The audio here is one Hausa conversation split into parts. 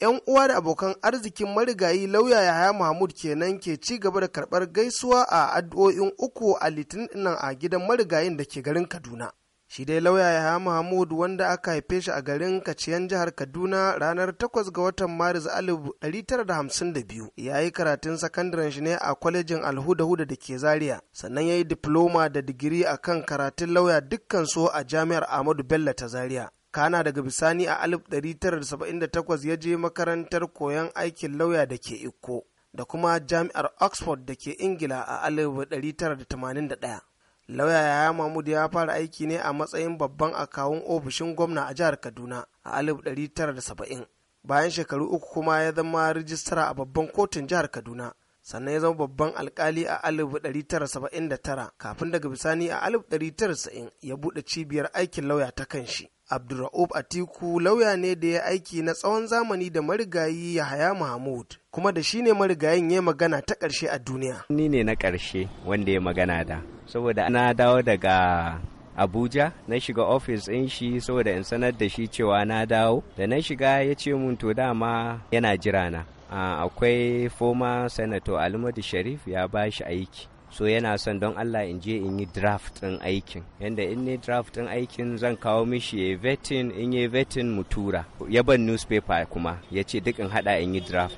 'Yan uwa da abokan arzikin marigayi lauya Yahaya Mahmud kenan ke ci gaba da karɓar gaisuwa a addu'o'in uku a litinin nan a gidan marigayin da ke garin Kaduna. Shi dai lauya Yahaya Mahmud wanda aka haife shi a garin Kaciyan jihar Kaduna ranar 8 ga watan Maris 1952 ya yi karatun sakandaren shi ne a kwalejin Alhuda-Huda da ke Zaria sannan ya yi diploma da digiri akan karatun lauya dukkan so a jami'ar Ahmadu Bello ta Zaria. kana daga bisani a 1978 ya je makarantar koyon aikin lauya da ke Ikko da kuma jami'ar Oxford da ke Ingila a 1981. Lauya Yaya Mahmud ya fara aiki ne a matsayin babban akawun ofishin gwamna a jihar Kaduna a 1970. Bayan shekaru uku kuma ya zama rijistara a babban kotun jihar Kaduna. sannan ya zama babban alkali a 1979 kafin daga bisani a 1990 ya buɗe cibiyar aikin lauya ta shi. Abdulra'ub Atiku lauya ne da ya aiki na tsawon zamani da marigayi Yahaya Mahmud kuma da shi ne marigayin ya magana ta ƙarshe a duniya. Ni ne na ƙarshe wanda ya magana da. Saboda na dawo daga Abuja na shiga ofis ɗin shi saboda in sanar da shi cewa na dawo da na shiga ya ce mun to dama yana jirana, akwai foma sanato alimadu sharif ya ba shi aiki so yana son don Allah in je in yi draft ɗin aikin yanda in ne draft ɗin aikin zan kawo mishi ya vetting in yi vetting mu tura ya ban newspaper kuma ya ce duk in haɗa in yi draft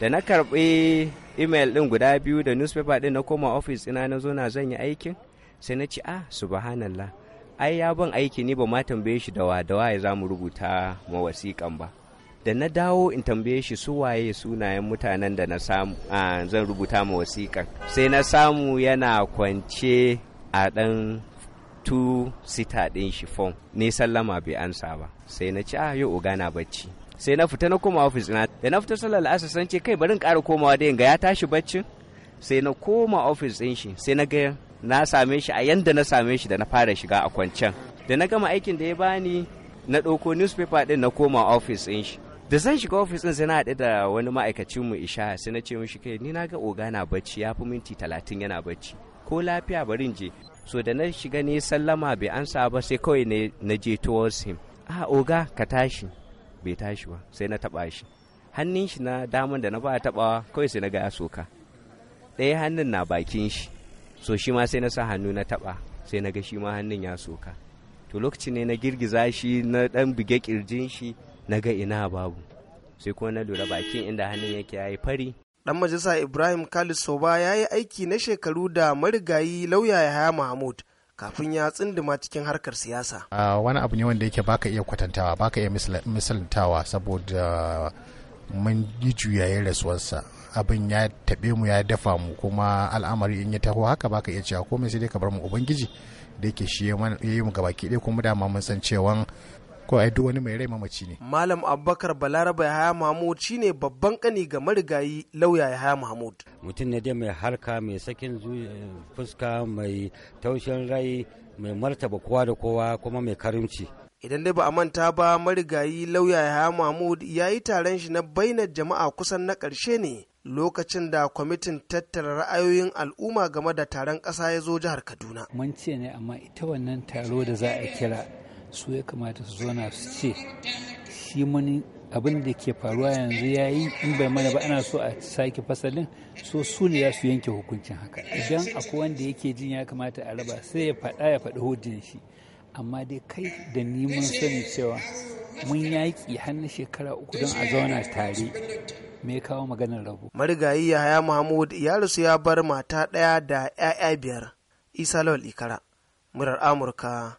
da na karɓi email ɗin guda biyu da newspaper ɗin na koma office ina na zo na zan yi aikin sai na ce ah subhanallah ai ya ban aiki ne ba ma tambaye shi da wa da wa ya za mu rubuta ma wasikan ba da na dawo in tambaye shi su waye sunayen mutanen da na samu a zan rubuta ma wasiƙa sai na samu yana kwance a ɗan tu sita ɗin shi fom ni sallama bai ansa ba sai na ci a yau bacci sai na fita na koma ofis na da na fita sallar asa san ce kai bari in ƙara komawa da ga ya tashi baccin sai na koma ofis ɗin shi sai na ga na same shi a yanda na same shi da na fara shiga a kwancen da na gama aikin da ya bani na ɗauko newspaper ɗin na koma ofis ɗin shi da zan shiga ofis din sai na haɗu da wani ma'aikacin mu isha sai na ce mishi kai ni na ga oga na bacci ya fi minti talatin yana bacci ko lafiya bari in je so da na shiga ne sallama bai ansa ba sai kawai ne na je towards him a oga ka tashi bai tashi ba sai na taɓa shi hannun shi na daman da na ba taɓawa kawai sai na ga ya soka ɗaya hannun na bakin shi so shi ma sai na sa hannu na taɓa sai na ga shi ma hannun ya soka to lokacin ne na girgiza shi na ɗan buge kirjin shi na ga ina babu sai kuma na lura bakin inda hannun yake ya yi fari dan majalisa ibrahim khalid soba ya yi aiki na shekaru da marigayi lauya yahaya mahmud kafin ya tsinduma cikin harkar siyasa wani abu ne wanda yake baka iya kwatantawa baka iya misalintawa saboda mun yi juyayen rasuwarsa abin ya taɓe mu ya dafa mu kuma al'amari in ya taho haka baka iya cewa komai sai dai ka bar mu ubangiji da yake shi ya yi mu gabaki ɗaya kuma dama mun san cewa ko ai duk wani mai rai mamaci ne malam abubakar balaraba yahaya mahmud ne babban kani ga marigayi lauya yahaya mahmud mutum ne dai mai harka mai sakin eh, fuska mai taushen rai mai martaba kowa da kowa kuma mai karimci idan dai ba a manta ba marigayi lauya Yahaya mahmud ya yi taron shi na bainar jama'a kusan na ƙarshe ne lokacin da kwamitin tattara ra'ayoyin al'umma game da taron ƙasa ya zo jihar kaduna mun ce ne amma ita wannan taro da za a kira su ya kamata su zauna su ce shi mani abin da ke faruwa yanzu ya yi in bai mana ba ana so a sake fasalin so su ne za su yanke hukuncin haka idan akwai wanda yake jin ya kamata a raba sai ya faɗa ya faɗi hujjin shi amma dai kai da ni mun sani cewa mun yaƙi har shekara uku don a zauna tare me kawo maganar rabo. marigayi yahaya muhammad ya rasu ya bar mata ɗaya da 'ya'ya biyar isa lawal ikara murar amurka